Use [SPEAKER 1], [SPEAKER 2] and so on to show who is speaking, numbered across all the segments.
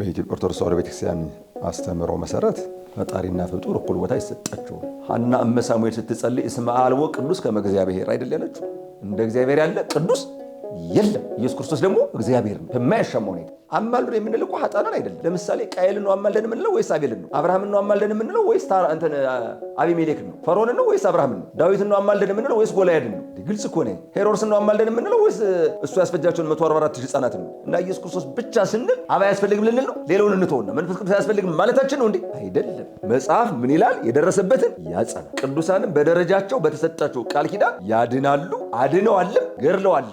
[SPEAKER 1] በኢትዮጵያ ኦርቶዶክስ ተዋህዶ ቤተክርስቲያን አስተምሮ መሰረት ፈጣሪና ፍጡር እኩል ቦታ አይሰጣቸውም። ሐና እመ ሳሙኤል ስትጸልይ እስመ አልቦ ቅዱስ ከመ እግዚአብሔር አይደል ያለችው? እንደ እግዚአብሔር ያለ ቅዱስ የለም። ኢየሱስ ክርስቶስ ደግሞ እግዚአብሔር ነው በማያሻማ ሁኔታ። አማልዱ የምንለው እኮ ኃጥአንን አይደለም። ለምሳሌ ቃየልን ነው አማልደን የምንለው ወይስ አቤልን ነው? አብርሃምን ነው አማልደን የምንለው ወይስ አቢሜሌክን ነው? ፈርዖንን ነው ወይስ አብርሃምን ነው? ዳዊትን ነው አማልደን የምንለው ወይስ ጎልያድን ነው? ግልጽ እኮ ነኝ። ሄሮድስን ነው አማልደን የምንለው ወይስ እሱ ያስፈጃቸውን 144 ህፃናት ነው? እና ኢየሱስ ክርስቶስ ብቻ ስንል አብ አያስፈልግም ልንል ነው? ሌላውን እንተውና መንፈስ ቅዱስ አያስፈልግም ማለታችን ነው እንዴ? አይደለም። መጽሐፍ ምን ይላል? የደረሰበትን ያጸና፣ ቅዱሳንም በደረጃቸው በተሰጣቸው ቃል ኪዳን ያድናሉ፣ አድነዋልም፣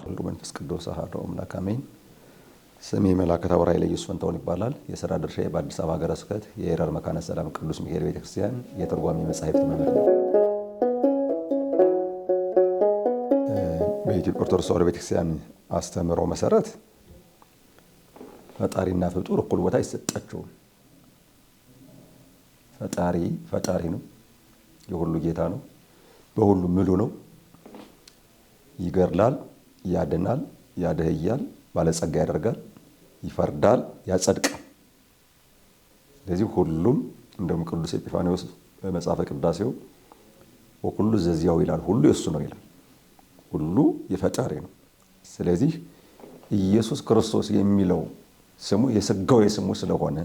[SPEAKER 1] ሁሉ መንፈስ ቅዱስ አሐዱ አምላክ አሜን። ስሜ መልአከ ታቦር ኃይለ ኢየሱስ ፈንታውን ይባላል። የሥራ ድርሻዬ በአዲስ አበባ ሀገረ ስብከት የኤረር መካነ ሰላም ቅዱስ ሚካኤል ቤተክርስቲያን የትርጓሜ መጻሕፍት መምህር ነው። በኢትዮጵያ ኦርቶዶክስ ተዋሕዶ ቤተክርስቲያን አስተምሮ መሰረት ፈጣሪና ፍጡር እኩል ቦታ አይሰጣቸውም። ፈጣሪ ፈጣሪ ነው፣ የሁሉ ጌታ ነው፣ በሁሉ ምሉ ነው። ይገድላል፣ ያድናል፣ ያደህያል፣ ባለጸጋ ያደርጋል፣ ይፈርዳል፣ ያጸድቃል። ስለዚህ ሁሉም እንደውም ቅዱስ ኤጲፋንዮስ በመጽሐፈ ቅዳሴው ወኩሉ ዘዚያው ይላል፣ ሁሉ የእሱ ነው ይላል። ሁሉ የፈጣሪ ነው። ስለዚህ ኢየሱስ ክርስቶስ የሚለው ስሙ የስጋው ስሙ ስለሆነ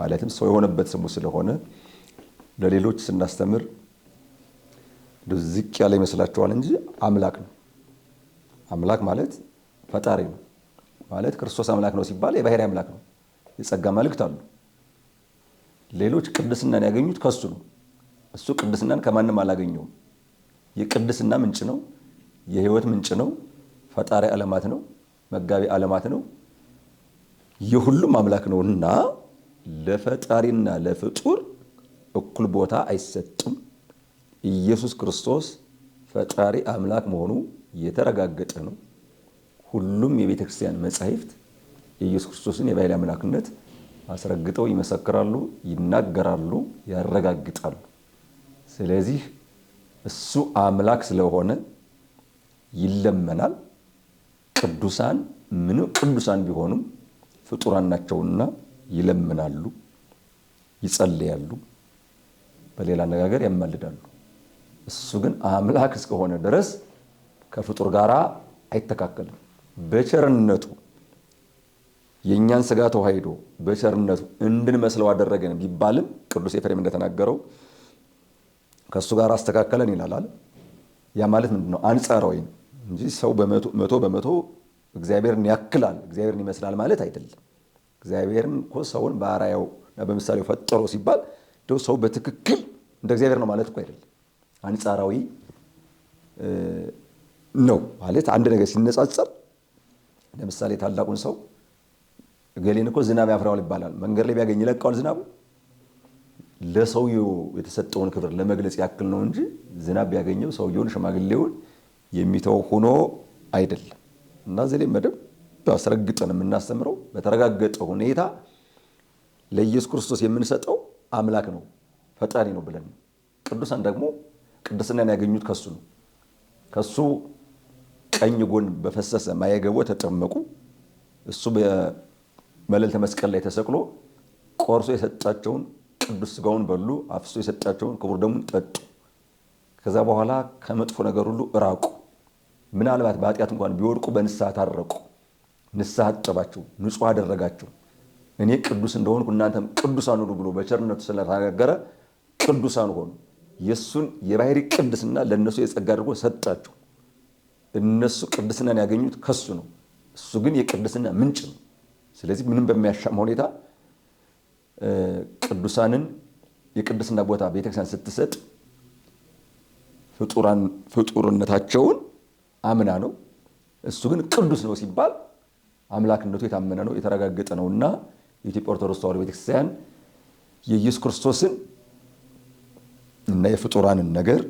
[SPEAKER 1] ማለትም ሰው የሆነበት ስሙ ስለሆነ ለሌሎች ስናስተምር ዝቅ ያለ ይመስላችኋል እንጂ አምላክ ነው። አምላክ ማለት ፈጣሪ ነው ማለት ክርስቶስ አምላክ ነው ሲባል የባህሪ አምላክ ነው። የጸጋ መልእክት አሉ። ሌሎች ቅድስናን ያገኙት ከሱ ነው። እሱ ቅድስናን ከማንም አላገኘውም። የቅድስና ምንጭ ነው። የህይወት ምንጭ ነው፣ ፈጣሪ ዓለማት ነው፣ መጋቢ ዓለማት ነው፣ የሁሉም አምላክ ነው እና ለፈጣሪና ለፍጡር እኩል ቦታ አይሰጥም። ኢየሱስ ክርስቶስ ፈጣሪ አምላክ መሆኑ የተረጋገጠ ነው። ሁሉም የቤተ ክርስቲያን መጻሕፍት የኢየሱስ ክርስቶስን የባህል አምላክነት አስረግጠው ይመሰክራሉ፣ ይናገራሉ፣ ያረጋግጣሉ። ስለዚህ እሱ አምላክ ስለሆነ ይለመናል። ቅዱሳን ምን ቅዱሳን ቢሆኑም ፍጡራን ናቸውና ይለምናሉ፣ ይጸልያሉ፣ በሌላ አነጋገር ያማልዳሉ። እሱ ግን አምላክ እስከሆነ ድረስ ከፍጡር ጋር አይተካከልም። በቸርነቱ የእኛን ስጋ ተዋሂዶ በቸርነቱ እንድንመስለው አደረገን ቢባልም ቅዱስ ኤፍሬም እንደተናገረው ከእሱ ጋር አስተካከለን ይላል። ያ ማለት ምንድነው ነው? ወይም እንጂ ሰው መቶ በመቶ እግዚአብሔርን ያክላል እግዚአብሔርን ይመስላል ማለት አይደለም። እግዚአብሔርን እኮ ሰውን በአራያው እና በምሳሌው ፈጠሮ ሲባል እንደው ሰው በትክክል እንደ እግዚአብሔር ነው ማለት እኮ አይደለም። አንጻራዊ ነው ማለት አንድ ነገር ሲነጻጸር፣ ለምሳሌ ታላቁን ሰው እገሌን እኮ ዝናብ ያፍራዋል ይባላል። መንገድ ላይ ቢያገኝ ይለቀዋል ዝናቡ ለሰውየው የተሰጠውን ክብር ለመግለጽ ያክል ነው እንጂ ዝናብ ቢያገኘው ሰውየውን፣ ሽማግሌውን የሚተው ሆኖ አይደለም እና እዚህ ላይ መደብ አስረግጠን የምናስተምረው በተረጋገጠ ሁኔታ ለኢየሱስ ክርስቶስ የምንሰጠው አምላክ ነው፣ ፈጣሪ ነው ብለን ቅዱሳን ደግሞ ቅድስናን ያገኙት ከሱ ነው። ከሱ ቀኝ ጎን በፈሰሰ ማየገቦ ተጠመቁ። እሱ በመለልተ መስቀል ላይ ተሰቅሎ ቆርሶ የሰጣቸውን ቅዱስ ስጋውን በሉ፣ አፍሶ የሰጣቸውን ክቡር ደሙን ጠጡ። ከዛ በኋላ ከመጥፎ ነገር ሁሉ እራቁ ምናልባት በኃጢአት እንኳን ቢወድቁ በንስሐ ታረቁ። ንስሐ አጠባቸው፣ ንጹሕ አደረጋቸው። እኔ ቅዱስ እንደሆንኩ እናንተም ቅዱሳን ሁኑ ብሎ በቸርነቱ ስለተናገረ ቅዱሳን ሆኑ። የእሱን የባህሪ ቅድስና ለእነሱ የጸጋ አድርጎ ሰጣቸው። እነሱ ቅድስናን ያገኙት ከሱ ነው። እሱ ግን የቅድስና ምንጭ ነው። ስለዚህ ምንም በሚያሻማ ሁኔታ ቅዱሳንን የቅድስና ቦታ ቤተክርስቲያን ስትሰጥ ፍጡርነታቸውን አምና ነው። እሱ ግን ቅዱስ ነው ሲባል አምላክነቱ የታመነ ነው የተረጋገጠ ነው እና የኢትዮጵያ ኦርቶዶክስ ተዋሕዶ ቤተክርስቲያን የኢየሱስ ክርስቶስን እና የፍጡራንን ነገር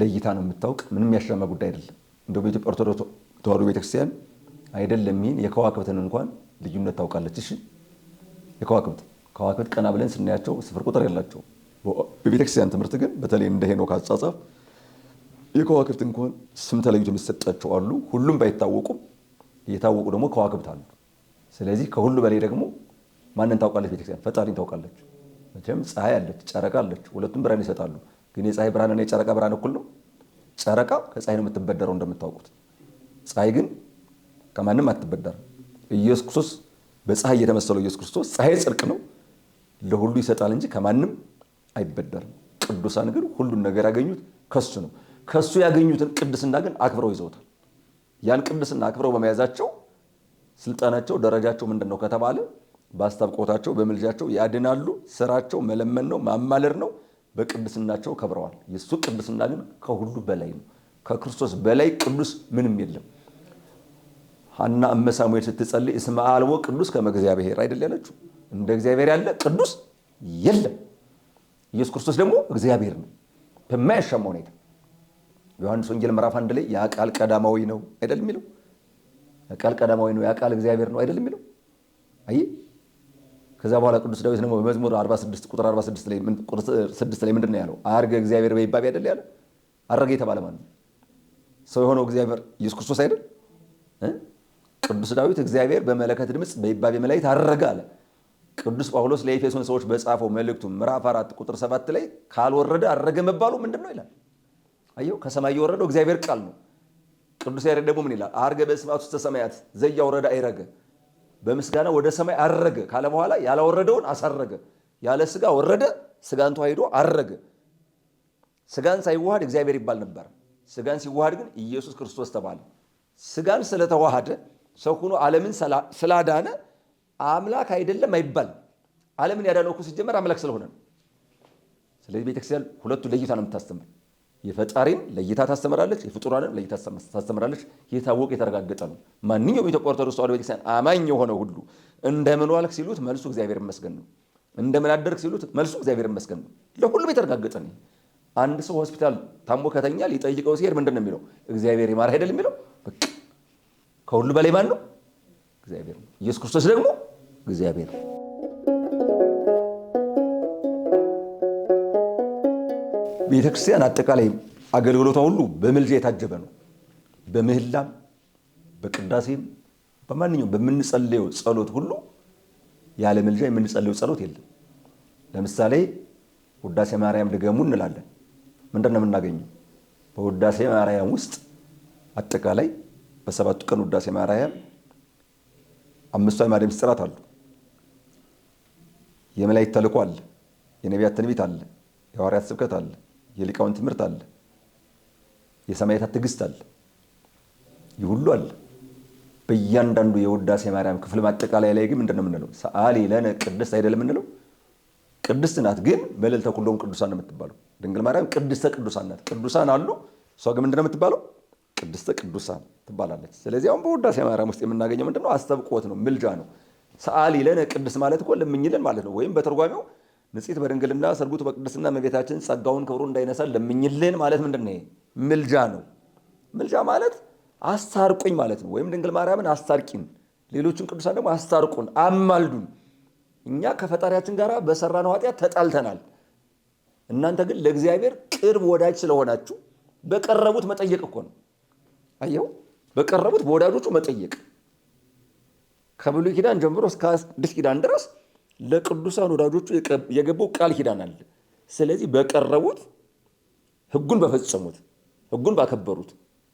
[SPEAKER 1] ለይታ ነው የምታውቅ። ምንም ያሻማ ጉዳይ አይደለም። እንደ በኢትዮጵያ ኦርቶዶክስ ተዋሕዶ ቤተክርስቲያን አይደለም ይህን የከዋክብትን እንኳን ልዩነት ታውቃለች። እሺ የከዋክብት ከዋክብት ቀና ብለን ስናያቸው ስፍር ቁጥር የላቸው። በቤተክርስቲያን ትምህርት ግን በተለይ እንደ ሄኖክ አጻጻፍ የከዋክብት እንኳን ስም ተለይቶ የሚሰጣቸው አሉ። ሁሉም ባይታወቁም የታወቁ ደግሞ ከዋክብት አሉ። ስለዚህ ከሁሉ በላይ ደግሞ ማንን ታውቃለች? ቤተክርስቲያን ፈጣሪን ታውቃለች። መቼም ፀሐይ አለች፣ ጨረቃ አለች። ሁለቱም ብርሃን ይሰጣሉ። ግን የፀሐይ ብርሃንና የጨረቃ ብርሃን እኩል ነው። ጨረቃ ከፀሐይ ነው የምትበደረው እንደምታውቁት። ፀሐይ ግን ከማንም አትበደርም። ኢየሱስ ክርስቶስ በፀሐይ የተመሰለው ኢየሱስ ክርስቶስ ፀሐይ ጽድቅ ነው፣ ለሁሉ ይሰጣል እንጂ ከማንም አይበደርም። ቅዱሳን ግን ሁሉን ነገር ያገኙት ከሱ ነው። ከእሱ ያገኙትን ቅድስና ግን አክብረው ይዘውታል። ያን ቅድስና አክብረው በመያዛቸው ስልጣናቸው፣ ደረጃቸው ምንድን ነው ከተባለ በአስታብቆታቸው በምልጃቸው ያድናሉ። ስራቸው መለመን ነው ማማለር ነው። በቅድስናቸው ከብረዋል። የእሱ ቅድስና ግን ከሁሉ በላይ ነው። ከክርስቶስ በላይ ቅዱስ ምንም የለም። ሐና እመ ሳሙኤል ስትጸልይ እስመ አልቦ ቅዱስ ከመ እግዚአብሔር አይደል ያለችው? እንደ እግዚአብሔር ያለ ቅዱስ የለም። ኢየሱስ ክርስቶስ ደግሞ እግዚአብሔር ነው በማያሻማ ሁኔታ ዮሐንስ ወንጌል ምዕራፍ አንድ ላይ ያ ቃል ቀዳማዊ ነው አይደል የሚለው ያ ቃል ቀዳማዊ ነው ያ ቃል እግዚአብሔር ነው አይደል የሚለው አይ ከዛ በኋላ ቅዱስ ዳዊት ደግሞ በመዝሙር 46 ቁጥር 46 ላይ ምን ቁጥር 6 ላይ ምንድነው ያለው አርገ እግዚአብሔር በይባቤ አይደል ያለው አረገ የተባለ ማለት ነው ሰው የሆነው እግዚአብሔር ኢየሱስ ክርስቶስ አይደል ቅዱስ ዳዊት እግዚአብሔር በመለከት ድምፅ በይባቤ መላእክት አረገ አለ ቅዱስ ጳውሎስ ለኤፌሶን ሰዎች በጻፈው መልእክቱ ምዕራፍ 4 ቁጥር 7 ላይ ካልወረደ አረገ መባሉ ምንድነው ይላል አየው ከሰማይ የወረደው እግዚአብሔር ቃል ነው። ቅዱስ ያሬድ ደግሞ ምን ይላል? አርገ በስማት ውስተ ሰማያት ዘያወረደ አይረገ በምስጋና ወደ ሰማይ አረገ ካለ በኋላ ያላወረደውን አሳረገ። ያለ ስጋ ወረደ፣ ስጋን ተዋሂዶ አረገ። ስጋን ሳይዋሃድ እግዚአብሔር ይባል ነበር። ስጋን ሲዋሃድ ግን ኢየሱስ ክርስቶስ ተባለ። ስጋን ስለተዋሃደ ሰው ሆኖ ዓለምን ስላዳነ አምላክ አይደለም አይባል። ዓለምን ያዳነው እኮ ሲጀመር አምላክ ስለሆነ ነው። ስለዚህ ቤተክርስቲያን ሁለቱ ለይታ ነው የምታስተምር። የፈጣሪን ለይታ ታስተምራለች፣ የፍጡራንን ለይታ ታስተምራለች። የታወቀ የተረጋገጠ ነው። ማንኛውም የኢትዮጵያ ኦርቶዶክስ ተዋህዶ ቤተክርስቲያን አማኝ የሆነ ሁሉ እንደምን ዋልክ ሲሉት መልሱ እግዚአብሔር ይመስገን ነው። እንደምን አደርክ ሲሉት መልሱ እግዚአብሔር ይመስገን ነው። ለሁሉም የተረጋገጠ ነው። አንድ ሰው ሆስፒታል ታሞ ከተኛ ሊጠይቀው ሲሄድ ምንድን ነው የሚለው? እግዚአብሔር ይማር አይደል የሚለው። ከሁሉ በላይ ማን ነው? እግዚአብሔር ነው። ኢየሱስ ክርስቶስ ደግሞ እግዚአብሔር ነው። ቤተክርስቲያን አጠቃላይ አገልግሎቷ ሁሉ በምልጃ የታጀበ ነው። በምህላም በቅዳሴም በማንኛውም በምንጸልየው ጸሎት ሁሉ ያለ ምልጃ የምንጸልየው ጸሎት የለም። ለምሳሌ ውዳሴ ማርያም ድገሙ እንላለን። ምንድን ነው የምናገኘው? በውዳሴ ማርያም ውስጥ አጠቃላይ በሰባቱ ቀን ውዳሴ ማርያም አምስቱ አዕማደ ምስጢራት አሉ። የመላእክት ተልእኮ አለ፣ የነቢያት ትንቢት አለ፣ የሐዋርያት ስብከት አለ የሊቃውን ትምህርት አለ፣ የሰማዕታት ትዕግስት አለ፣ ይህ ሁሉ አለ። በእያንዳንዱ የውዳሴ ማርያም ክፍል ማጠቃላይ ላይ ግን ምንድን ነው የምንለው? ሰአሊ ለነ ቅድስት አይደለም የምንለው? ቅድስት ናት፣ ግን በእልልተ ኩሎሙ ቅዱሳን ነው የምትባለው። ድንግል ማርያም ቅድስተ ቅዱሳን ናት። ቅዱሳን አሉ፣ እሷ ግን ምንድን ነው የምትባለው? ቅድስተ ቅዱሳን ትባላለች። ስለዚህ አሁን በውዳሴ ማርያም ውስጥ የምናገኘው ምንድን ነው? አስተብቆት ነው፣ ምልጃ ነው። ሰአሊ ለነ ቅድስት ማለት እኮ ለምኝልን ማለት ነው። ወይም በተርጓሚው ንጽሕት በድንግልና ሰርጉት በቅድስና መቤታችን ጸጋውን ክብሩ እንዳይነሳ ለምኝልን ማለት ምንድን ነው? ምልጃ ነው። ምልጃ ማለት አስታርቁኝ ማለት ነው። ወይም ድንግል ማርያምን አስታርቂን፣ ሌሎችን ቅዱሳን ደግሞ አስታርቁን፣ አማልዱን። እኛ ከፈጣሪያችን ጋር በሰራነው ኃጢአት ተጣልተናል። እናንተ ግን ለእግዚአብሔር ቅርብ ወዳጅ ስለሆናችሁ በቀረቡት መጠየቅ እኮ ነው። አየው፣ በቀረቡት በወዳጆቹ መጠየቅ ከብሉይ ኪዳን ጀምሮ እስከ አዲስ ኪዳን ድረስ ለቅዱሳን ወዳጆቹ የገባው ቃል ኪዳን አለ። ስለዚህ በቀረቡት ህጉን በፈጸሙት ህጉን ባከበሩት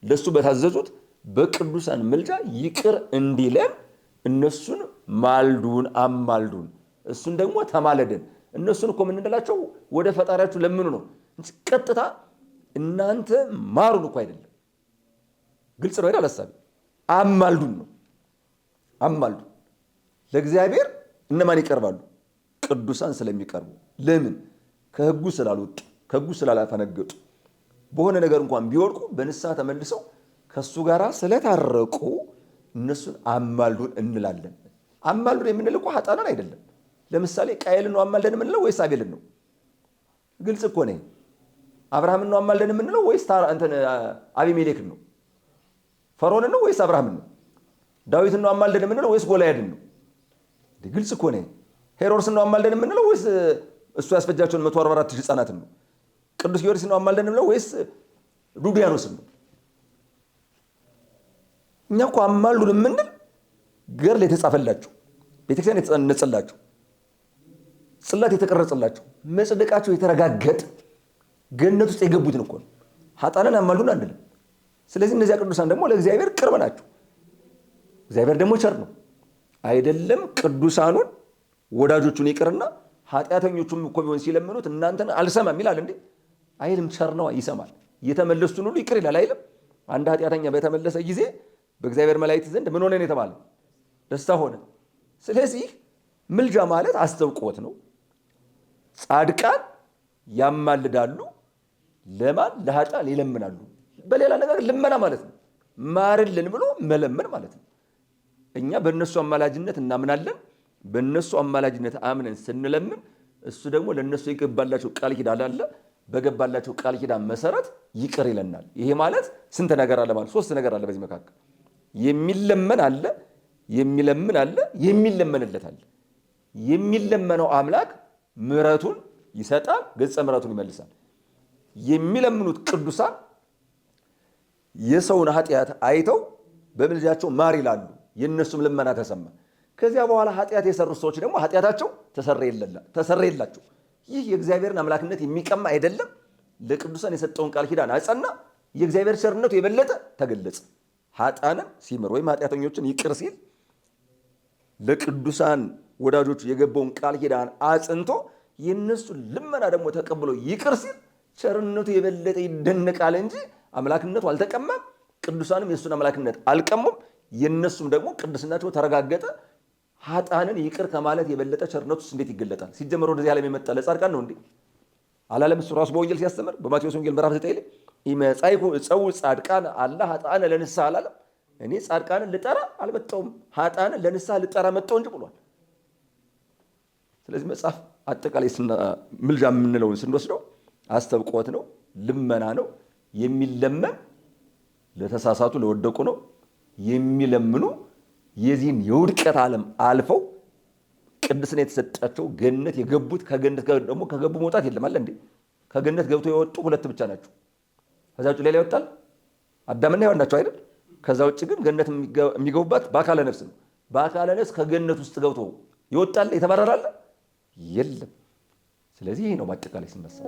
[SPEAKER 1] ለእሱ በታዘዙት በቅዱሳን ምልጃ ይቅር እንዲለን እነሱን ማልዱን፣ አማልዱን፣ እሱን ደግሞ ተማለደን። እነሱን እኮ የምንላቸው ወደ ፈጣሪያችሁ ለምኑ ነው እንጂ ቀጥታ እናንተ ማሩን እኮ አይደለም። ግልጽ ነው አይደል? አሳቢ አማልዱን ነው አማልዱን ለእግዚአብሔር እነማን ይቀርባሉ? ቅዱሳን ስለሚቀርቡ። ለምን? ከህጉ ስላልወጡ፣ ከህጉ ስላላፈነገጡ በሆነ ነገር እንኳን ቢወድቁ በንስሐ ተመልሰው ከእሱ ጋር ስለታረቁ እነሱን አማልዱን እንላለን። አማልዱን የምንል እኮ ሀጣንን አይደለም። ለምሳሌ ቃየልን ነው አማልደን የምንለው ወይስ አቤልን ነው? ግልጽ እኮ ነ አብርሃምን ነው አማልደን የምንለው ወይስ አቢሜሌክን ነው? ፈርዖንን ነው ወይስ አብርሃምን ነው? ዳዊትን ነው አማልደን የምንለው ወይስ ጎልያድን ነው? ግልጽ እኮ ነኝ። ሄሮድስን ነው አማልደን የምንለው ወይስ እሱ ያስፈጃቸውን 144 ህፃናት ነው? ቅዱስ ጊዮርጊስ ነው አማልደን የምንለው ወይስ ዱዲያኖስ ነው? እኛ እኮ አማልዱን የምንል ገድል የተጻፈላቸው ቤተክርስቲያን የተጸነጸላቸው ጽላት የተቀረጸላቸው መጽደቃቸው የተረጋገጠ ገነት ውስጥ የገቡትን እኮ ነው። ሀጣንን አማልዱን አንልም። ስለዚህ እነዚያ ቅዱሳን ደግሞ ለእግዚአብሔር ቅርብ ናቸው። እግዚአብሔር ደግሞ ቸር ነው። አይደለም ቅዱሳኑን ወዳጆቹን ይቅርና ኃጢአተኞቹም እኮ ቢሆን ሲለምኑት እናንተን አልሰማም ይላል እንዴ? አይልም። ቸር ነዋ፣ ይሰማል። የተመለሱትን ሁሉ ይቅር ይላል አይልም? አንድ ኃጢአተኛ በተመለሰ ጊዜ በእግዚአብሔር መላእክት ዘንድ ምን ሆነን የተባለ? ደስታ ሆነ። ስለዚህ ምልጃ ማለት አስተውቆት ነው። ጻድቃን ያማልዳሉ። ለማን? ለኃጥአን ይለምናሉ። በሌላ ነገር ልመና ማለት ነው። ማርልን ብሎ መለመን ማለት ነው። እኛ በእነሱ አማላጅነት እናምናለን። በእነሱ አማላጅነት አምነን ስንለምን እሱ ደግሞ ለእነሱ የገባላቸው ቃል ኪዳን አለ። በገባላቸው ቃል ኪዳን መሰረት ይቅር ይለናል። ይሄ ማለት ስንት ነገር አለ ማለት ሶስት ነገር አለ። በዚህ መካከል የሚለመን አለ፣ የሚለምን አለ፣ የሚለመንለት አለ። የሚለመነው አምላክ ምሕረቱን ይሰጣል፣ ገጸ ምሕረቱን ይመልሳል። የሚለምኑት ቅዱሳን የሰውን ኃጢአት አይተው በምልጃቸው ማር ይላሉ። የእነሱም ልመና ተሰማ። ከዚያ በኋላ ኃጢአት የሰሩ ሰዎች ደግሞ ኃጢአታቸው ተሰረየላቸው። ይህ የእግዚአብሔርን አምላክነት የሚቀማ አይደለም። ለቅዱሳን የሰጠውን ቃል ኪዳን አጸና። የእግዚአብሔር ቸርነቱ የበለጠ ተገለጸ። ሀጣንም ሲምር ወይም ኃጢአተኞችን ይቅር ሲል ለቅዱሳን ወዳጆቹ የገባውን ቃል ኪዳን አጽንቶ የእነሱን ልመና ደግሞ ተቀብሎ ይቅር ሲል ቸርነቱ የበለጠ ይደነቃል እንጂ አምላክነቱ አልተቀማም። ቅዱሳንም የእሱን አምላክነት አልቀሙም። የእነሱም ደግሞ ቅድስናቸው ተረጋገጠ። ሀጣንን ይቅር ከማለት የበለጠ ቸርነቱስ እንዴት ይገለጣል? ሲጀመር ወደዚህ ዓለም የመጣ ለጻድቃን ነው እንዴ? አላለም እሱ ራሱ በወንጌል ሲያስተምር በማቴዎስ ወንጌል ምዕራፍ ዘጠኝ ላይ ኢመጻይኩ እፀውዕ ጻድቃን አላ ሀጣን ለንስሐ አላለም። እኔ ጻድቃንን ልጠራ አልመጣሁም ሀጣንን ለንስሐ ልጠራ መጣሁ እንጂ ብሏል። ስለዚህ መጽሐፍ አጠቃላይ ምልጃ የምንለውን ስንወስደው አስተብቆት ነው፣ ልመና ነው፣ የሚለመን ለተሳሳቱ ለወደቁ ነው። የሚለምኑ የዚህን የውድቀት ዓለም አልፈው ቅድስና የተሰጣቸው ገነት የገቡት ከገነት ደግሞ ከገቡ መውጣት የለም አለ እንዴ? ከገነት ገብቶ የወጡ ሁለት ብቻ ናቸው። ከዛ ውጭ ሌላ ይወጣል? አዳምና ሔዋን ናቸው አይደል? ከዛ ውጭ ግን ገነት የሚገቡባት በአካለ ነፍስ ነው። በአካለ ነፍስ ከገነት ውስጥ ገብቶ ይወጣል የተባረራለ የለም። ስለዚህ ይህ ነው በአጠቃላይ ስንመሰል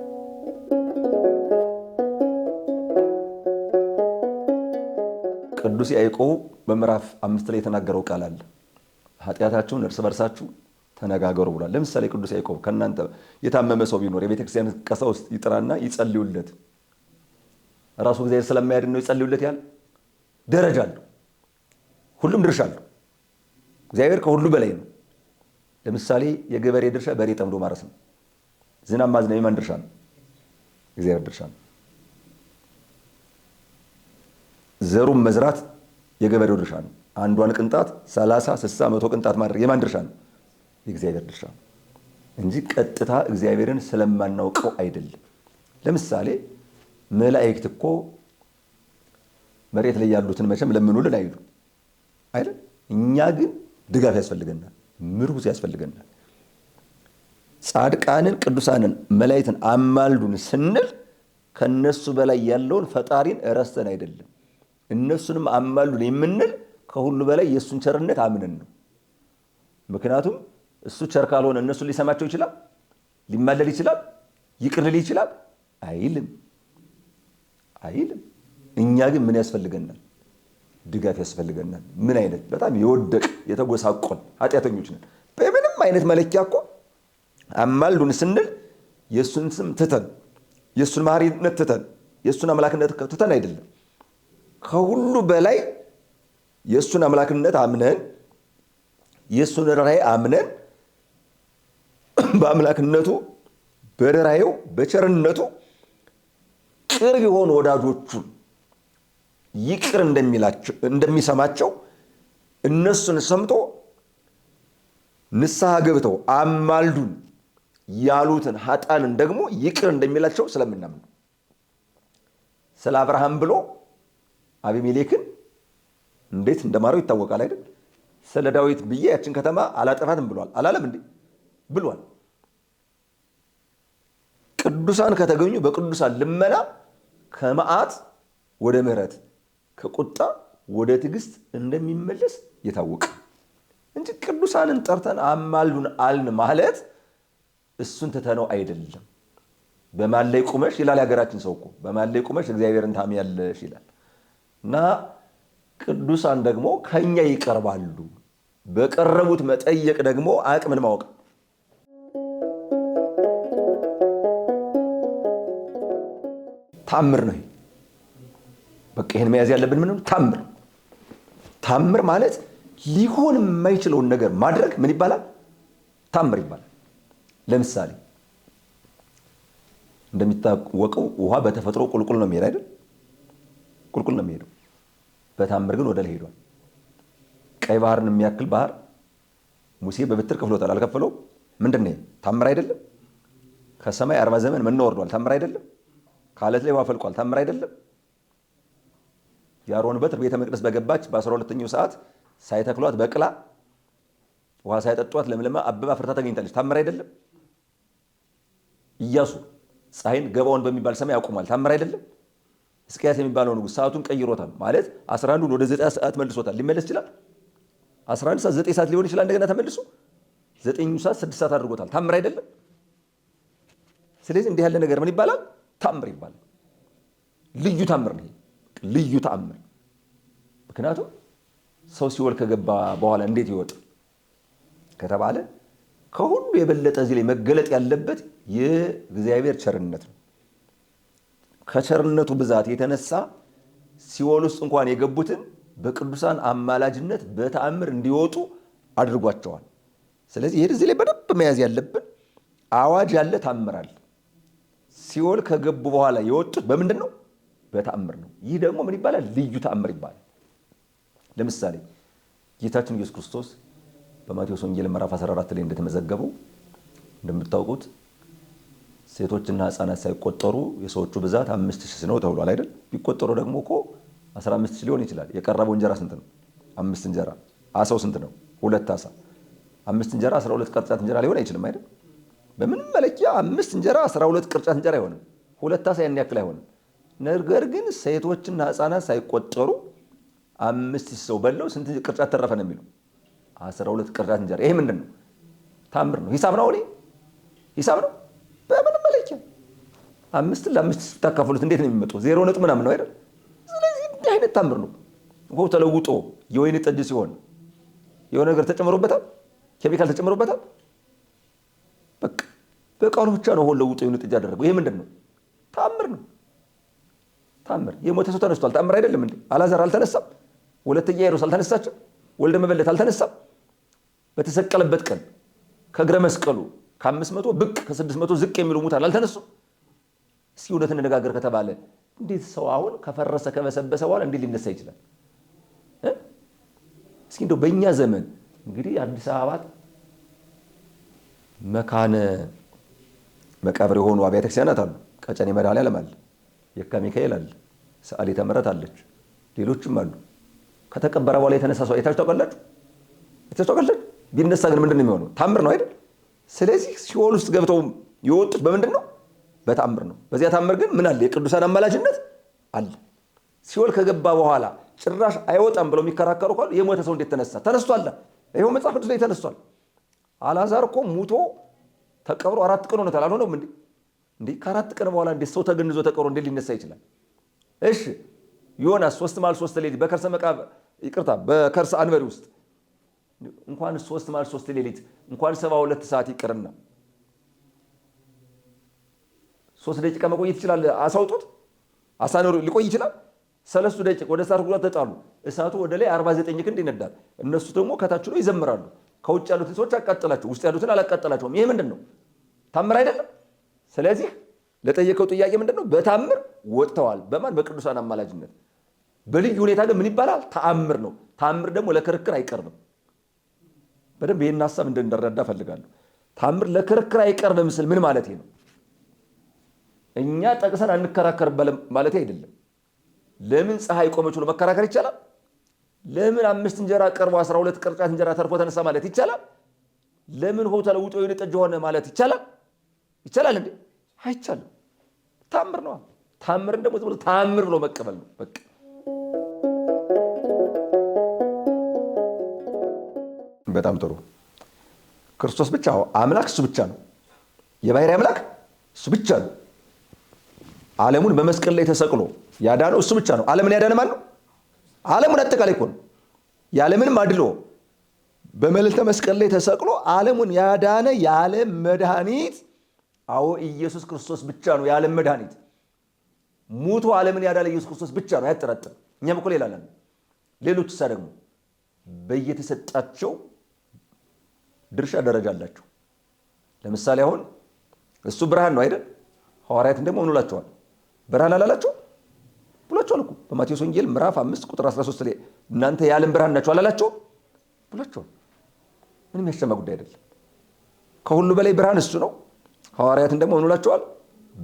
[SPEAKER 1] ቅዱስ ያዕቆብ በምዕራፍ አምስት ላይ የተናገረው ቃል አለ። ኃጢአታችሁን እርስ በርሳችሁ ተነጋገሩ ብሏል። ለምሳሌ ቅዱስ ያዕቆብ ከእናንተ የታመመ ሰው ቢኖር የቤተክርስቲያን ቀሳውስት ይጥራና ይጸልዩለት። ራሱ እግዚአብሔር ስለማያድን ነው ይጸልዩለት ያለ ደረጃ አለው። ሁሉም ድርሻ አለው። እግዚአብሔር ከሁሉ በላይ ነው። ለምሳሌ የገበሬ ድርሻ በሬ ጠምዶ ማረስ ነው። ዝናብ ማዝነብ የማን ድርሻ ነው? እግዚአብሔር ድርሻ ነው። ዘሩን መዝራት የገበሬው ድርሻ ነው። አንዷን ቅንጣት 30፣ 60፣ መቶ ቅንጣት ማድረግ የማን ድርሻ ነው? የእግዚአብሔር ድርሻ ነው እንጂ ቀጥታ እግዚአብሔርን ስለማናውቀው አይደለም። ለምሳሌ መላእክት እኮ መሬት ላይ ያሉትን መቼም ለምኑልን አይሉ አይደል? እኛ ግን ድጋፍ ያስፈልገናል፣ ምርኩስ ያስፈልገናል። ጻድቃንን፣ ቅዱሳንን፣ መላእክትን አማልዱን ስንል ከነሱ በላይ ያለውን ፈጣሪን ረስተን አይደለም። እነሱንም አማሉን የምንል ከሁሉ በላይ የእሱን ቸርነት አምነን ነው። ምክንያቱም እሱ ቸር ካልሆነ እነሱን ሊሰማቸው ይችላል፣ ሊማለል ይችላል፣ ይቅርል ይችላል አይልም አይልም። እኛ ግን ምን ያስፈልገናል? ድጋፍ ያስፈልገናል። ምን አይነት በጣም የወደቅ የተጎሳቆል ኃጢአተኞች ነን። በምንም አይነት መለኪያ እኮ አማሉን ስንል የእሱን ስም ትተን የእሱን ማሪነት ትተን የእሱን አምላክነት ትተን አይደለም ከሁሉ በላይ የእሱን አምላክነት አምነን የእሱን ራይ አምነን በአምላክነቱ በራእዩ በቸርነቱ ቅርብ የሆኑ ወዳጆቹን ይቅር እንደሚሰማቸው እነሱን ሰምቶ ንስሐ ገብተው አማልዱን ያሉትን ሀጣንን ደግሞ ይቅር እንደሚላቸው ስለምናምን ስለ አብርሃም ብሎ አቢሜሌክን እንዴት እንደማረው ይታወቃል አይደል? ስለ ዳዊት ብዬ ያችን ከተማ አላጠፋትም ብሏል። አላለም እንዴ? ብሏል። ቅዱሳን ከተገኙ በቅዱሳን ልመና ከመዓት ወደ ምሕረት ከቁጣ ወደ ትዕግስት እንደሚመለስ የታወቀ እንጂ ቅዱሳንን ጠርተን አማሉን አልን ማለት እሱን ትተነው አይደለም። በማን ላይ ቁመሽ ይላል የሀገራችን ሰው እኮ በማን ላይ ቁመሽ እግዚአብሔርን ታሚያለሽ ይላል። እና ቅዱሳን ደግሞ ከኛ ይቀርባሉ። በቀረቡት መጠየቅ ደግሞ አቅምን ማወቅ ታምር ነው። በቃ ይህን መያዝ ያለብን ምን ታምር። ታምር ማለት ሊሆን የማይችለውን ነገር ማድረግ ምን ይባላል? ታምር ይባላል። ለምሳሌ እንደሚታወቀው ውሃ በተፈጥሮ ቁልቁል ነው የሚሄድ አይደል? ቁልቁል ነው የሚሄደው በታምር ግን ወደ ላይ ሄዷል። ቀይ ባህርን የሚያክል ባህር ሙሴ በብትር ከፍሎታል። አልከፈለው ምንድን ነው? ታምር አይደለም? ከሰማይ አርባ ዘመን መና ወርዷል። ታምር አይደለም? ከአለት ላይ ዋፈልቋል ታምር አይደለም? የአሮን በትር ቤተ መቅደስ በገባች በአስራ ሁለተኛው ሰዓት ሳይተክሏት በቅላ ውሃ ሳይጠጧት ለምለማ አበባ ፍርታ ተገኝታለች። ታምር አይደለም? እያሱ ፀሐይን ገባውን በሚባል ሰማይ ያቆሟል። ታምር አይደለም? እስኪያስ የሚባለው ንጉስ ሰዓቱን ቀይሮታል። ማለት 11ን ወደ 9 ሰዓት መልሶታል። ሊመለስ ይችላል። 11 ሰዓት 9 ሰዓት ሊሆን ይችላል። እንደገና ተመልሶ 9 ሰዓት 6 ሰዓት አድርጎታል። ታምር አይደለም? ስለዚህ እንዲህ ያለ ነገር ምን ይባላል? ታምር ይባላል። ልዩ ታምር ነው። ልዩ ታምር። ምክንያቱም ሰው ሲወል ከገባ በኋላ እንዴት ይወጥ ከተባለ ከሁሉ የበለጠ እዚህ ላይ መገለጥ ያለበት የእግዚአብሔር ቸርነት ነው። ከቸርነቱ ብዛት የተነሳ ሲኦል ውስጥ እንኳን የገቡትን በቅዱሳን አማላጅነት በተአምር እንዲወጡ አድርጓቸዋል። ስለዚህ ይሄ እዚህ ላይ በደንብ መያዝ ያለብን አዋጅ ያለ ታምራል። ሲኦል ከገቡ በኋላ የወጡት በምንድን ነው? በተአምር ነው። ይህ ደግሞ ምን ይባላል? ልዩ ተአምር ይባላል። ለምሳሌ ጌታችን ኢየሱስ ክርስቶስ በማቴዎስ ወንጌል ምዕራፍ 14 ላይ እንደተመዘገበው እንደምታውቁት ሴቶችና ህጻናት ሳይቆጠሩ የሰዎቹ ብዛት አምስት ሺህ ነው ተብሏል አይደል? ቢቆጠሩ ደግሞ እኮ አስራ አምስት ሺህ ሊሆን ይችላል። የቀረበው እንጀራ ስንት ነው? አምስት እንጀራ። አሳው ስንት ነው? ሁለት አሳ። አምስት እንጀራ አስራ ሁለት ቅርጫት እንጀራ ሊሆን አይችልም አይደል? በምንም መለኪያ አምስት እንጀራ አስራ ሁለት ቅርጫት እንጀራ አይሆንም። ሁለት አሳ ያን ያክል አይሆንም። ነገር ግን ሴቶችና ህጻናት ሳይቆጠሩ አምስት ሺህ ሰው በለው ስንት ቅርጫት ተረፈ ነው የሚለው? አስራ ሁለት ቅርጫት እንጀራ። ይሄ ምንድን ነው? ታምር ነው። ሂሳብ ነው። ሂሳብ ነው። በምንም መለኪያ አምስት ለአምስት ስታካፍሉት እንዴት ነው የሚመጡ ዜሮ ነጥብ ምናምን ነው አይደል? ስለዚህ እንዲህ አይነት ታምር ነው። ውሃው ተለውጦ የወይን ጠጅ ሲሆን የሆነ ነገር ተጨምሮበታል፣ ኬሚካል ተጨምሮበታል። በቃ በቃሉ ብቻ ነው ውሃውን ለውጦ የወይን ጠጅ ያደረገው። ይሄ ምንድን ነው? ታምር ነው። ታምር የሞተ ሰው ተነስቷል። ታምር አይደለም እንዴ? አላዛር አልተነሳም? ወለተኛ ያይሮስ አልተነሳችም? ወልደ መበለት አልተነሳም? በተሰቀለበት ቀን ከእግረ መስቀሉ ከአምስት መቶ ብቅ ከስድስት መቶ ዝቅ የሚሉ ሙታል አልተነሱም። እስኪ እውነት እንነጋገር ከተባለ እንዴት ሰው አሁን ከፈረሰ ከበሰበሰ በኋላ እንዴት ሊነሳ ይችላል? እስኪ እንደው በእኛ ዘመን እንግዲህ አዲስ አበባ መካነ መቃብር የሆኑ አብያተ ክርስቲያናት አሉ። ቀጨኔ መድኃኔዓለም አለ፣ የካ ሚካኤል አለ፣ ሰዓሊተ ምሕረት አለች፣ ሌሎችም አሉ። ከተቀበረ በኋላ የተነሳ ሰው አይታችሁ ታውቃላችሁ? አይታችሁ ታውቃላችሁ? ቢነሳ ግን ምንድን ነው የሚሆነው? ታምር ነው አይደል? ስለዚህ ሲኦል ውስጥ ገብተው የወጡት በምንድን ነው? በታምር ነው። በዚያ ታምር ግን ምን አለ? የቅዱሳን አማላጅነት አለ። ሲኦል ከገባ በኋላ ጭራሽ አይወጣም ብለው የሚከራከሩ ካሉ የሞተ ሰው እንዴት ተነሳ? ተነስቷል። ይኸው መጽሐፍ ቅዱስ ላይ ተነስቷል። አላዛር እኮ ሙቶ ተቀብሮ አራት ቀን ሆነታል። አልሆነም እንዴ? እንዴ ከአራት ቀን በኋላ እንዴት ሰው ተገንዞ ተቀብሮ እንዴት ሊነሳ ይችላል? እሺ ዮናስ ሶስት መዓል ሶስት ሌሊት በከርሰ መቃብ ይቅርታ፣ በከርሰ አንበሪ ውስጥ እንኳን ሶስት ማለት ሶስት ሌሊት እንኳን ሰባ ሁለት ሰዓት ይቅርና ሶስት ደቂቃ መቆየት ይችላል። አሳውጡት አሳ ሊቆይ ይችላል። ሰለስቱ ደቂቃ ወደ እሳት ጉዳት ተጣሉ። እሳቱ ወደ ላይ 49 ክንድ ይነዳል። እነሱ ደግሞ ከታች ነው ይዘምራሉ። ከውጭ ያሉትን ሰዎች አቃጠላቸው፣ ውስጥ ያሉትን አላቃጠላቸውም። ይሄ ምንድን ነው? ታምር አይደለም? ስለዚህ ለጠየቀው ጥያቄ ምንድን ነው? በታምር ወጥተዋል። በማን በቅዱሳን አማላጅነት። በልዩ ሁኔታ ግን ምን ይባላል? ተአምር ነው። ተአምር ደግሞ ለክርክር አይቀርብም። በደንብ ይህን ሀሳብ እንድንረዳ ፈልጋለሁ ታምር ለክርክር አይቀርብም ስል ምን ማለት ነው? እኛ ጠቅሰን አንከራከር ማለት አይደለም። ለምን ፀሐይ ቆመች ብሎ መከራከር ይቻላል? ለምን አምስት እንጀራ ቀርቦ አስራ ሁለት ቅርጫት እንጀራ ተርፎ ተነሳ ማለት ይቻላል? ለምን ሆቴል ውጦ የሆነ ጠጅ ሆነ ማለት ይቻላል? ይቻላል እንዴ? አይቻልም። ታምር ነዋ። ታምርን ደግሞ ታምር ብሎ መቀበል ነው በቃ። በጣም ጥሩ። ክርስቶስ ብቻ አምላክ እሱ ብቻ ነው። የባህሪ አምላክ እሱ ብቻ ነው። ዓለሙን በመስቀል ላይ ተሰቅሎ ያዳነው እሱ ብቻ ነው። ዓለምን ያዳነ ማን ነው? ዓለሙን አጠቃላይ እኮ ነው። የዓለምንም አድሎ በመልዕልተ መስቀል ላይ ተሰቅሎ ዓለሙን ያዳነ የዓለም መድኃኒት አዎ ኢየሱስ ክርስቶስ ብቻ ነው። የዓለም መድኃኒት ሙቶ ዓለምን ያዳነ ኢየሱስ ክርስቶስ ብቻ ነው። አያጠራጥም። እኛም እኮ ሌላ ሌሎች እሳ ደግሞ በየተሰጣቸው ድርሻ ደረጃ አላቸው። ለምሳሌ አሁን እሱ ብርሃን ነው አይደል? ሐዋርያትን ደግሞ ምን ብሏቸዋል? ብርሃን አላላቸው ብሏቸዋል እኮ በማቴዎስ ወንጌል ምዕራፍ አምስት ቁጥር 13 ላይ እናንተ የዓለም ብርሃን ናቸው አላላቸው ብሏቸዋል። ምንም ያሰማ ጉዳይ አይደለም። ከሁሉ በላይ ብርሃን እሱ ነው። ሐዋርያትን ደግሞ ምን ብሏቸዋል?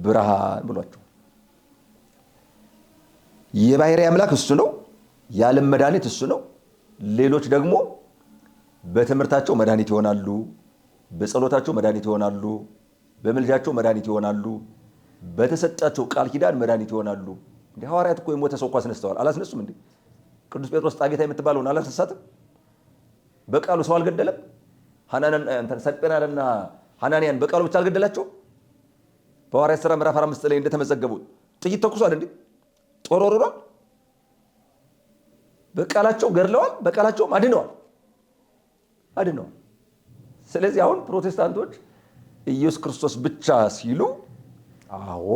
[SPEAKER 1] ብርሃን ብሏቸዋል። የባሕርይ አምላክ እሱ ነው። የዓለም መድኃኒት እሱ ነው። ሌሎች ደግሞ በትምህርታቸው መድኃኒት ይሆናሉ፣ በጸሎታቸው መድኃኒት ይሆናሉ፣ በምልጃቸው መድኃኒት ይሆናሉ፣ በተሰጣቸው ቃል ኪዳን መድኃኒት ይሆናሉ። እንዲ ሐዋርያት እኮ የሞተ ሰው እኮ አስነስተዋል። አላስነሱም እንዴ? ቅዱስ ጴጥሮስ ጣቤታ የምትባለውን አላስነሳትም? በቃሉ ሰው አልገደለም? ሰጴናንና ሐናንያን በቃሉ ብቻ አልገደላቸው? በሐዋርያት ሥራ ምዕራፍ አምስት ላይ እንደተመዘገቡት ጥይት ተኩሷል እንዴ? ጦር ወርሯል። በቃላቸው ገድለዋል። በቃላቸውም አድነዋል። አድነው። ስለዚህ አሁን ፕሮቴስታንቶች ኢየሱስ ክርስቶስ ብቻ ሲሉ አዎ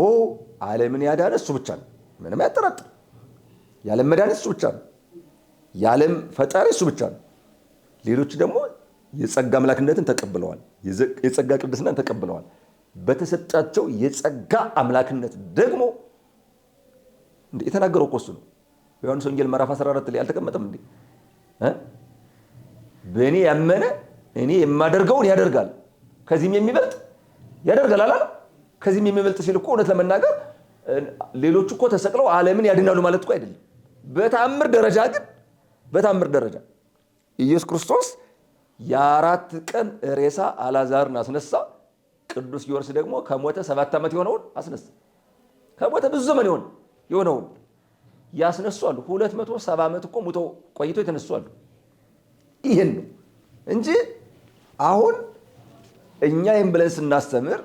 [SPEAKER 1] ዓለምን ያዳነ እሱ ብቻ ነው፣ ምንም አያጠራጥር። የዓለም መድኃኒት እሱ ብቻ ነው፣ የዓለም ፈጣሪ እሱ ብቻ ነው። ሌሎች ደግሞ የጸጋ አምላክነትን ተቀብለዋል፣ የጸጋ ቅድስናን ተቀብለዋል። በተሰጣቸው የጸጋ አምላክነት ደግሞ የተናገረው እኮ እሱ ነው። ዮሐንስ ወንጌል ምዕራፍ 14 ላይ አልተቀመጠም እንዴ? በእኔ ያመነ እኔ የማደርገውን ያደርጋል፣ ከዚህም የሚበልጥ ያደርጋል አላል። ከዚህም የሚበልጥ ሲል እኮ እውነት ለመናገር ሌሎች እኮ ተሰቅለው ዓለምን ያድናሉ ማለት እኮ አይደለም። በታምር ደረጃ ግን በታምር ደረጃ ኢየሱስ ክርስቶስ የአራት ቀን ሬሳ አላዛርን አስነሳ። ቅዱስ ጊዮርጊስ ደግሞ ከሞተ ሰባት ዓመት የሆነውን አስነሳ። ከሞተ ብዙ ዘመን የሆነውን ያስነሱ አሉ። ሁለት መቶ ሰባ ዓመት እኮ ሙተው ቆይቶ የተነሱ አሉ። ይህን ነው እንጂ አሁን እኛ ይህን ብለን ስናስተምር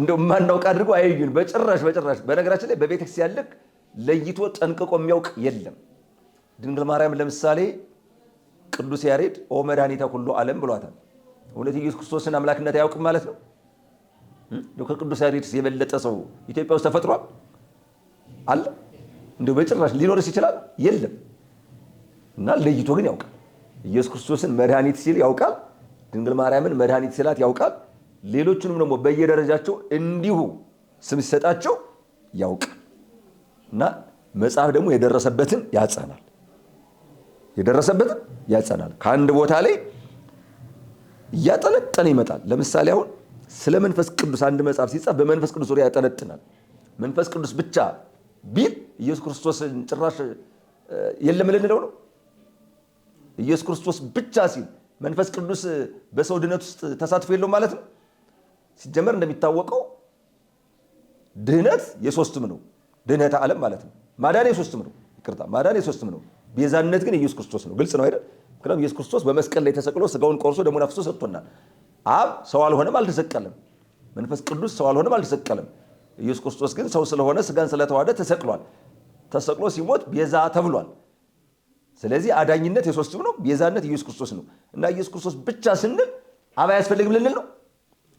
[SPEAKER 1] እንደው የማናውቅ አድርጎ አይዩን። በጭራሽ በጭራሽ። በነገራችን ላይ በቤተክርስቲያን ልክ ለይቶ ጠንቅቆ የሚያውቅ የለም። ድንግል ማርያም ለምሳሌ ቅዱስ ያሬድ ኦ መድኃኒተ ሁሉ ዓለም ብሏታል። እውነት ኢየሱስ ክርስቶስን አምላክነት አያውቅም ማለት ነው? ከቅዱስ ያሬድ የበለጠ ሰው ኢትዮጵያ ውስጥ ተፈጥሯል አለ? እንዲሁ በጭራሽ ሊኖርስ ይችላል? የለም። እና ለይቶ ግን ያውቃል። ኢየሱስ ክርስቶስን መድኃኒት ሲል ያውቃል። ድንግል ማርያምን መድኃኒት ሲላት ያውቃል። ሌሎቹንም ደግሞ በየደረጃቸው እንዲሁ ስም ሲሰጣቸው ያውቃል እና መጽሐፍ ደግሞ የደረሰበትን ያጸናል። የደረሰበትን ያጸናል። ከአንድ ቦታ ላይ እያጠነጠነ ይመጣል። ለምሳሌ አሁን ስለ መንፈስ ቅዱስ አንድ መጽሐፍ ሲጻፍ በመንፈስ ቅዱስ ዙሪያ ያጠነጥናል። መንፈስ ቅዱስ ብቻ ቢል ኢየሱስ ክርስቶስን ጭራሽ የለም ልንለው ነው። ኢየሱስ ክርስቶስ ብቻ ሲል መንፈስ ቅዱስ በሰው ድነት ውስጥ ተሳትፎ የለው ማለት ነው። ሲጀመር እንደሚታወቀው ድህነት የሶስትም ነው። ድህነት ዓለም ማለት ነው። ማዳን የሶስትም ነው። ይቅርታ ማዳን የሶስትም ነው። ቤዛነት ግን የኢየሱስ ክርስቶስ ነው። ግልጽ ነው አይደል? ምክንያቱም ኢየሱስ ክርስቶስ በመስቀል ላይ ተሰቅሎ ስጋውን ቆርሶ ደሙን አፍሶ ሰጥቶናል። አብ ሰው አልሆነም፣ አልተሰቀለም። መንፈስ ቅዱስ ሰው አልሆነም፣ አልተሰቀለም። ኢየሱስ ክርስቶስ ግን ሰው ስለሆነ ስጋን ስለተዋደ ተሰቅሏል። ተሰቅሎ ሲሞት ቤዛ ተብሏል። ስለዚህ አዳኝነት የሶስቱም ነው፣ ቤዛነት ኢየሱስ ክርስቶስ ነው እና ኢየሱስ ክርስቶስ ብቻ ስንል አብ አያስፈልግም ልንል ነው።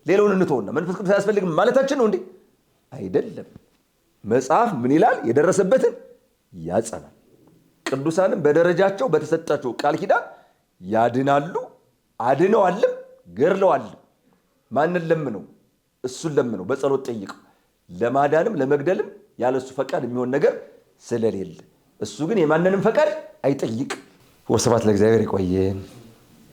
[SPEAKER 1] ሌላውን እንተውና መንፈስ ቅዱስ አያስፈልግም ማለታችን ነው እንዴ? አይደለም። መጽሐፍ ምን ይላል? የደረሰበትን ያጸናል። ቅዱሳንም በደረጃቸው በተሰጣቸው ቃል ኪዳን ያድናሉ፣ አድነዋልም፣ ገድለዋልም። ማንን ለምነው? እሱን ለምነው፣ በጸሎት ጠይቀው። ለማዳንም ለመግደልም ያለሱ ፈቃድ የሚሆን ነገር ስለሌለ እሱ ግን የማንንም ፈቃድ አይጠይቅ። ወስብሐት ለእግዚአብሔር። ይቆየን።